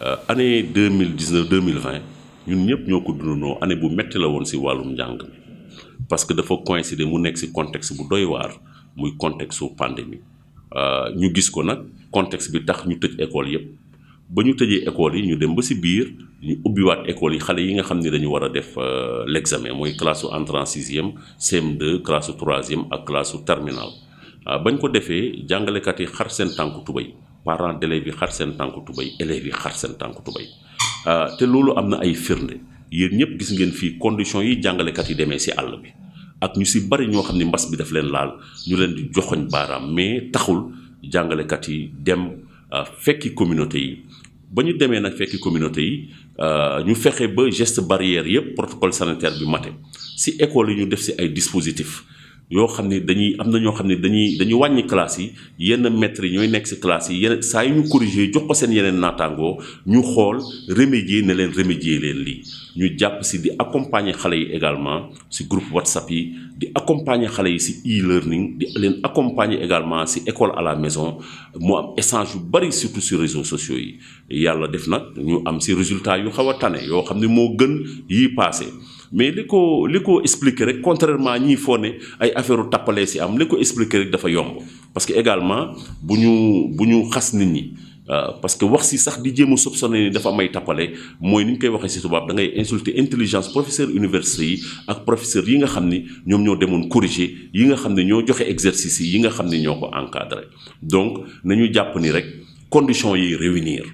Euh, année 2019 2020 ñun ñëpp ñoo ko dundandoo année bu metti la won si wàllum njàng parce que dafa coïncider mu nekk si contexte bu doy waar muy contexte pandémie euh, ñu gis ko nag contexte bi tax ñu tëj école yëpp ba ñu tëjee école yi ñu dem ba si biir ñu ubbiwaat école yi xale yi nga xam dañu war a def euh, l' examen mooy classe entrant sixième CM2 classe troisième ak classe terminale bañ ko defee jàngalekat yi xar seen tànku tubay parents d'élève yi xar seen tànku tubéy élèves yi xar seen tànku tubéy euh, te loolu am na ay firnde yéen ñëpp gis ngeen fii condition yi jàngalekat yi demee si àll bi ak ñu si bari ñoo xam ni mbas bi daf leen laal ñu leen di joxoñ baaraam mais taxul jàngalekat yi dem euh, fekki communauté yi ba ñu demee nag fekki communauté yi euh, ñu fexe ba geste barrière yëpp protocole sanitaire bi mate si école yi ñu def si ay dispositif yoo xam ne dañuy am na ñoo xam ne dañuy dañuy wàññi classe yi yenn maîtres yi ñooy nekk si classe yi yenn saa yu ñu corrigé jox ko seen yeneen naataangoo ñu xool remédier ne leen remédier leen lii ñu jàpp si di accompagner xale yi également si groupe whatsapp yi di accompagner xale yi si e-learning di leen accompagner également si école à la maison mu am échange yu bari surtout si réseaux sociaux yi yàlla def nag ñu am si résultat yu xaw a tane yoo xam ne moo gën yii passé mais ce liko expliquer contrairement à ce ay affaireu tapalé am liko expliquer rek parce que également nous, buñu xass nit ñi euh, parce que wax si sax di a ni dafa may ni koy si da insulter intelligence professeur université yi ak professeur yi nga xamni ñom ñoo corriger yi nga xamni exercice yi nga donc nañu japp ni rek conditions yi réunir